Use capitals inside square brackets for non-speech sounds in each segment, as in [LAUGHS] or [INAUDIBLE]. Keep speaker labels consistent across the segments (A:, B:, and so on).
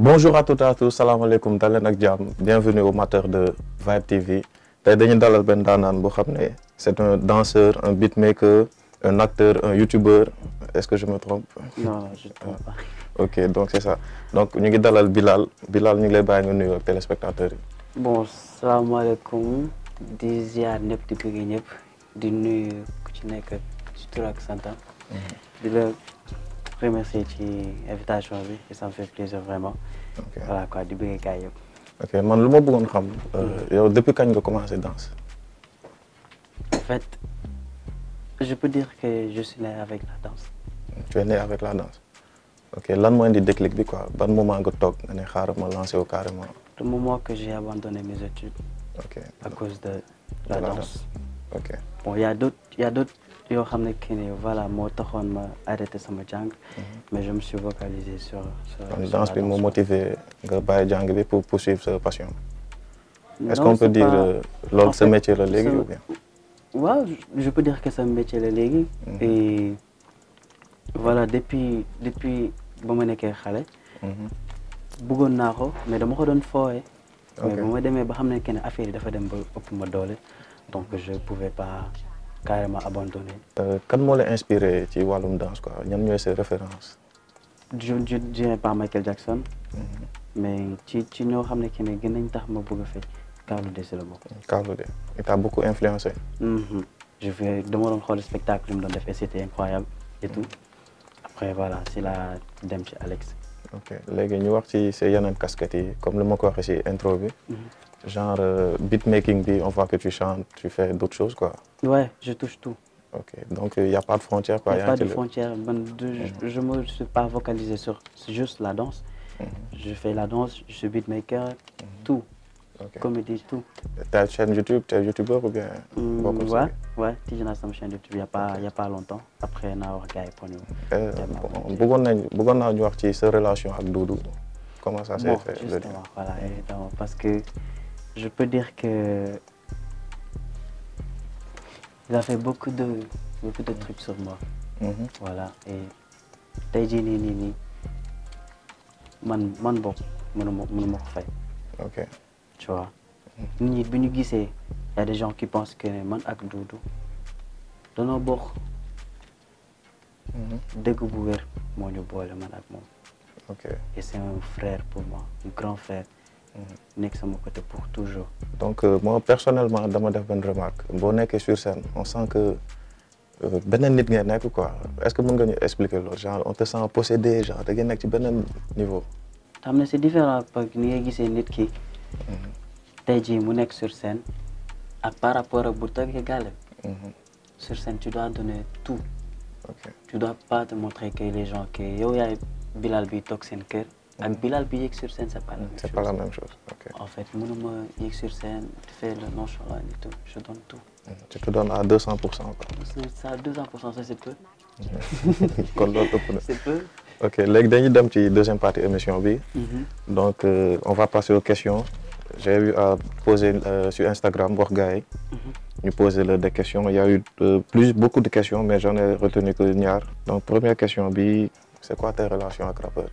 A: bonjour à toutes et à tous salam alaikum, bienvenue au matin de Vibe TV dañu dalal c'est un danseur un beatmaker un acteur un youtubeur est-ce que je me trompe. non je ne me trompe pas. Ah, ok donc c'est ça donc nous ngi dalal Bilal Bilal nous ngi lay nous, York, téléspectateurs
B: bon salam alaikum. Je suis di bëgg ñëpp di nuyu ku ci nekk ci remercier remercie l'invitation et ça me fait plaisir vraiment. ok voilà quoi du bëggee gars
A: ok man quand mot bëggoon euh, mm. yow depuis tu commencé danse.
B: en fait je peux dire que je suis né avec la danse.
A: tu es né avec la danse. ok lan mooy indi déclic bi quoi moment nga tu commencé à xaaral ma lancé carrément.
B: le moment que j'ai abandonné mes études. ok à cause de la, danse. danse. ok bon y y a d'autres yo xamné kené voilà mo taxone ma arrêter sama jang mhm. mais je me suis focalisé sur. sur danse puis moo
A: motivé nga baye jang bi pour poursuivre sa passion. est-ce qu'on peut dire euh, loolu ce métier là légui ou bien.
B: ouais je peux dire que un métier là légui mhm. et voilà depuis depuis bama ma xalé xale. Mhm. bëggoon naa ko mais dama ko doon fooye. mais bama démé ba xamné ne affaire yi dafa dem ba ëpp ma doole donc je pouvais pas carrément abandonné.
A: Euh, kan moo la inspiré ci wàllum danse quoi ñan ñooy ses références.
B: je je dirais pas Michael Jackson. Mhm. mais ci ci ñoo xam que ne gën nañ tax ma bëgg a fecc Kaalu de Carlos. la bokk. Kaalu de
A: il t'a beaucoup influencé.
B: Mhm. je fais dama doon xool spectacle yu mu doon defee c'était incroyable et tout après voilà c'est la dem ci Alex. ok
A: léegi ñu wax ci sa yeneen casquettes yi comme li ma quoi, waxee si intro Genre euh, beatmaking on voit que tu chantes, tu fais d'autres choses quoi.
B: Ouais, je touche tout.
A: Ok, donc il euh, n'y a pas de frontières quoi. Il n'y a, pas de le... frontières.
B: Ben, Je ne mhm. me suis pas vocalisé sur juste la danse. Mhm. Je fais la danse, je suis beatmaker, mm -hmm. tout. Okay. Comédie, tout.
A: une chaîne YouTube, tu es youtubeur ou bien mm, Ouais,
B: ouais, Tijana, c'est une chaîne YouTube il n'y a, pas, il y a pas longtemps. Après, on a regardé pour nous.
A: Pourquoi on a une relation avec Doudou Comment ça s'est fait Justement, voilà, et donc, parce que je peux dire que
B: il a fait beaucoup de beaucoup de trucs sur moi. Mhm. voilà et tey nini, ni mon mon man man mon mënuma mënuma ok tu vois. Mhm. nit y a des gens qui pensent que man ak Doudou danoo mhm. Dès que bu voyez mon ñu boole man ak doudou. ok et c'est un
A: frère pour moi un grand frère. C'est côté pour toujours. donc euh, moi personnellement dama def une remarque boo que sur scène on sent que euh, benen nit ngay nek quoi est-ce que mën nga expliquer ça? genre on te sent possédé genre da sur un ci niveau.
B: c'est différent parce que ni ngay gisee nit ki. Mhm. tey mu sur scène À par rapport à bu toogee gàllem. Mhm. sur scène tu dois donner tout. Tu tu dois pas te montrer que les gens que yow yaay bilal bi tok sen un Bilal sur scène c'est pas la même chose c'est pas la même chose ok en fait mënuma yéeg sur scène fais le nonchalant et tout je donne tout.
A: tu te donnes à 200 pour ça
B: 200 ça c'est peu.
A: [LAUGHS] [LAUGHS] c'est peu. ok léegi dañuy dem ci deuxième partie émission bi. Mhm. donc euh, on va passer aux questions. j'ai eu à poser euh, sur Instagram voir gars mhm. poser des questions il y a eu euh, plus beaucoup de questions mais j'en ai retenu que Niar. donc première question bi c'est quoi ta relation avec rappeurs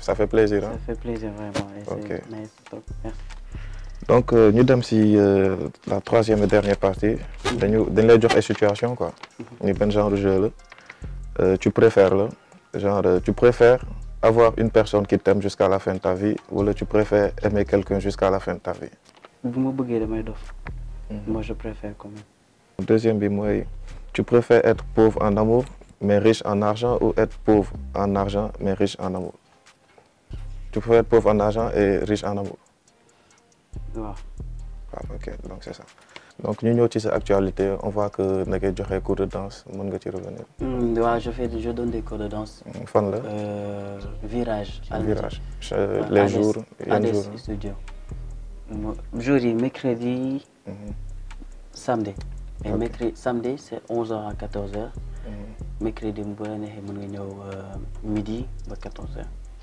A: ça fait plaisir ça hein.
B: fait plaisir vraiment. ok nice merci.
A: donc nous euh, sommes euh, la troisième et dernière partie. Dans dañ lay situation quoi. Mhm. genre de jeu euh, tu préfères genre tu préfères avoir une personne qui t'aime jusqu'à la fin de ta vie ou tu préfères aimer quelqu'un jusqu'à la fin de ta vie.
B: Mhm. moi je préfère quand
A: même. deuxième bimoué. tu préfères être pauvre en amour mais riche en argent ou être pauvre en argent mais riche en amour tu peux être pauvre en argent et riche en amour. ok donc c'est ça donc nous ñëw ci actualité on voit que nous avons des cours de danse mën nga ci revenir.
B: Hmm, waaw je fais je donne des cours de danse. là. Hmm, là. Euh, virage. virage les jours. et jours jours mercredi. Mm-hmm. samedi. et mercredi samedi c'est 11h à 14h. Mm-hmm. mercredi bu la euh,
A: midi à 14h.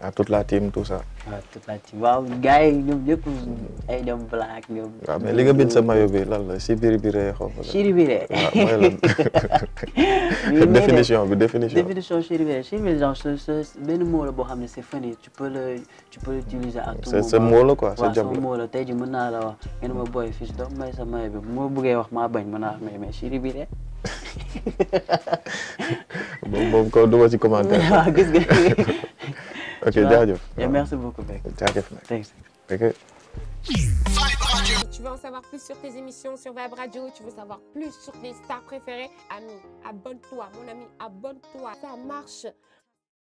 A: a toute la team tout ça.
B: waaw toute la team waaw gars yi black ñoom. waaw mais li nga bind sa
A: maillot bi la si Biré xaw ma. si waaw ah, [LAUGHS] [LAUGHS] définition bi définition.
B: définition Chiribiré Chiribiré genre c'est c'est benn mot boo xam ne c'est funny tu peux le a peux l'utiliser tout moment. c'est sa mot la quoi sa tey jii mën naa la wax ngeen ma booy fii doom may sa maillot bi moo bëggee wax maa bañ mën naa wax mais mais Chiribiré.
A: boobu [LAUGHS] boobu kaw du ma ci commentaire. waaw gis nga. ok derrière. merci beaucoup mec. jaajëf Merci. thanks. Tu veux en savoir plus sur tes émissions sur Vibe Radio, tu veux savoir plus sur tes stars préférées, ami, abonne-toi, mon ami, abonne-toi, ça marche.